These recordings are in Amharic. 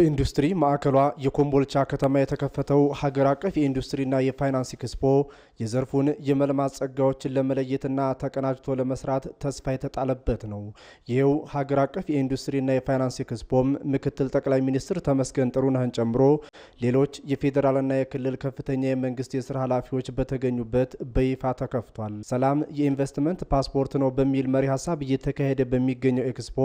በኢንዱስትሪ ማዕከሏ የኮምቦልቻ ከተማ የተከፈተው ሀገር አቀፍ የኢንዱስትሪና የፋይናንስ ኤክስፖ የዘርፉን የመልማት ጸጋዎችን ለመለየትና ተቀናጅቶ ለመስራት ተስፋ የተጣለበት ነው። ይኸው ሀገር አቀፍ የኢንዱስትሪና የፋይናንስ ኤክስፖም ምክትል ጠቅላይ ሚኒስትር ተመስገን ጥሩነህን ጨምሮ ሌሎች የፌዴራልና የክልል ከፍተኛ የመንግስት የስራ ኃላፊዎች በተገኙበት በይፋ ተከፍቷል። ሰላም የኢንቨስትመንት ፓስፖርት ነው በሚል መሪ ሀሳብ እየተካሄደ በሚገኘው ኤክስፖ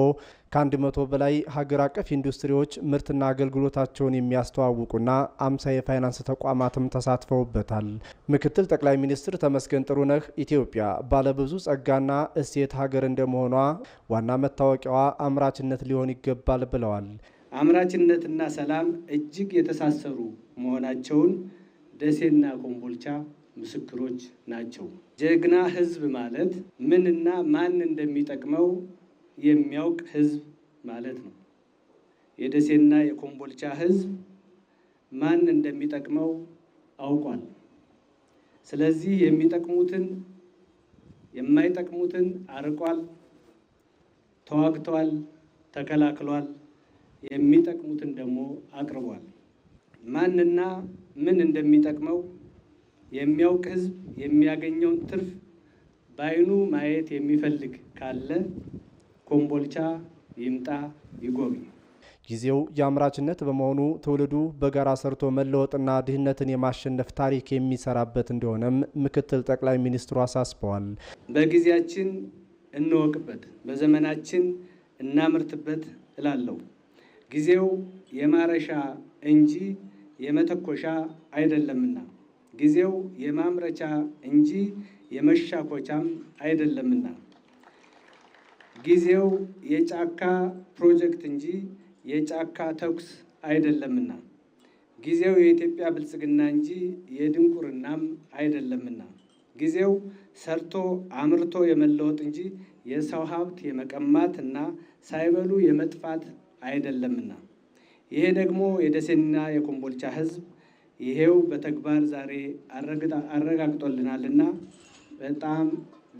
ከአንድ መቶ በላይ ሀገር አቀፍ ኢንዱስትሪዎች ምርትና አገልግሎታቸውን የሚያስተዋውቁና አምሳ የፋይናንስ ተቋማትም ተሳትፈውበታል። ምክትል ጠቅላይ ሚኒስትር ተመስገን ጥሩነህ ኢትዮጵያ ባለብዙ ጸጋና እሴት ሀገር እንደመሆኗ ዋና መታወቂያዋ አምራችነት ሊሆን ይገባል ብለዋል። አምራችነትና ሰላም እጅግ የተሳሰሩ መሆናቸውን ደሴና ኮምቦልቻ ምስክሮች ናቸው። ጀግና ህዝብ ማለት ምንና ማን እንደሚጠቅመው የሚያውቅ ህዝብ ማለት ነው። የደሴና የኮምቦልቻ ህዝብ ማን እንደሚጠቅመው አውቋል። ስለዚህ የሚጠቅሙትን የማይጠቅሙትን አርቋል፣ ተዋግቷል፣ ተከላክሏል። የሚጠቅሙትን ደግሞ አቅርቧል። ማንና ምን እንደሚጠቅመው የሚያውቅ ህዝብ የሚያገኘውን ትርፍ በአይኑ ማየት የሚፈልግ ካለ ኮምቦልቻ ይምጣ ይጎብኝ። ጊዜው የአምራችነት በመሆኑ ትውልዱ በጋራ ሰርቶ መለወጥና ድህነትን የማሸነፍ ታሪክ የሚሰራበት እንደሆነም ምክትል ጠቅላይ ሚኒስትሩ አሳስበዋል። በጊዜያችን እንወቅበት፣ በዘመናችን እናምርትበት እላለሁ። ጊዜው የማረሻ እንጂ የመተኮሻ አይደለምና፣ ጊዜው የማምረቻ እንጂ የመሻኮቻም አይደለምና፣ ጊዜው የጫካ ፕሮጀክት እንጂ የጫካ ተኩስ አይደለምና ጊዜው የኢትዮጵያ ብልጽግና እንጂ የድንቁርናም አይደለምና ጊዜው ሰርቶ አምርቶ የመለወጥ እንጂ የሰው ሀብት የመቀማት እና ሳይበሉ የመጥፋት አይደለምና ይሄ ደግሞ የደሴና የኮምቦልቻ ህዝብ ይሄው በተግባር ዛሬ አረጋግጦልናልና በጣም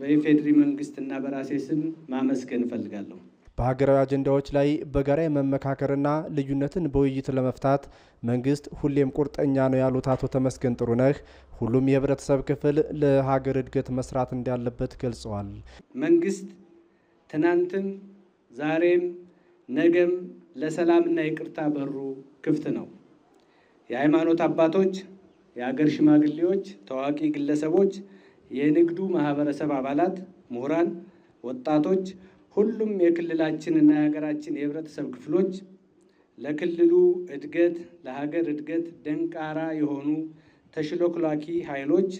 በኢፌዴሪ መንግስትና በራሴ ስም ማመስገን እፈልጋለሁ። በሀገራዊ አጀንዳዎች ላይ በጋራ የመመካከርና ልዩነትን በውይይት ለመፍታት መንግስት ሁሌም ቁርጠኛ ነው ያሉት አቶ ተመስገን ጥሩነህ ሁሉም የህብረተሰብ ክፍል ለሀገር እድገት መስራት እንዳለበት ገልጸዋል። መንግስት ትናንትም ዛሬም ነገም ለሰላምና ይቅርታ በሩ ክፍት ነው። የሃይማኖት አባቶች፣ የሀገር ሽማግሌዎች፣ ታዋቂ ግለሰቦች፣ የንግዱ ማህበረሰብ አባላት፣ ምሁራን፣ ወጣቶች ሁሉም የክልላችንና የሀገራችን የህብረተሰብ ክፍሎች ለክልሉ እድገት፣ ለሀገር እድገት ደንቃራ የሆኑ ተሽሎክላኪ ኃይሎች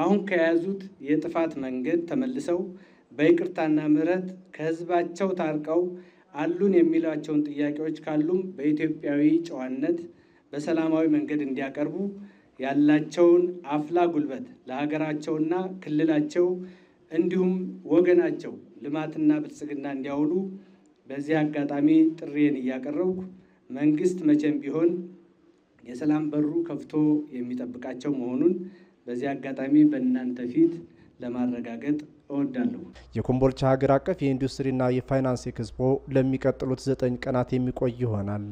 አሁን ከያዙት የጥፋት መንገድ ተመልሰው በይቅርታና ምሕረት ከህዝባቸው ታርቀው አሉን የሚሏቸውን ጥያቄዎች ካሉም በኢትዮጵያዊ ጨዋነት በሰላማዊ መንገድ እንዲያቀርቡ ያላቸውን አፍላ ጉልበት ለሀገራቸውና ክልላቸው እንዲሁም ወገናቸው ልማትና ብልጽግና እንዲያውሉ በዚህ አጋጣሚ ጥሬን እያቀረብኩ መንግስት መቼም ቢሆን የሰላም በሩ ከፍቶ የሚጠብቃቸው መሆኑን በዚህ አጋጣሚ በእናንተ ፊት ለማረጋገጥ እወዳለሁ። የኮምቦልቻ ሀገር አቀፍ የኢንዱስትሪና የፋይናንስ ኤክስፖ ለሚቀጥሉት ዘጠኝ ቀናት የሚቆይ ይሆናል።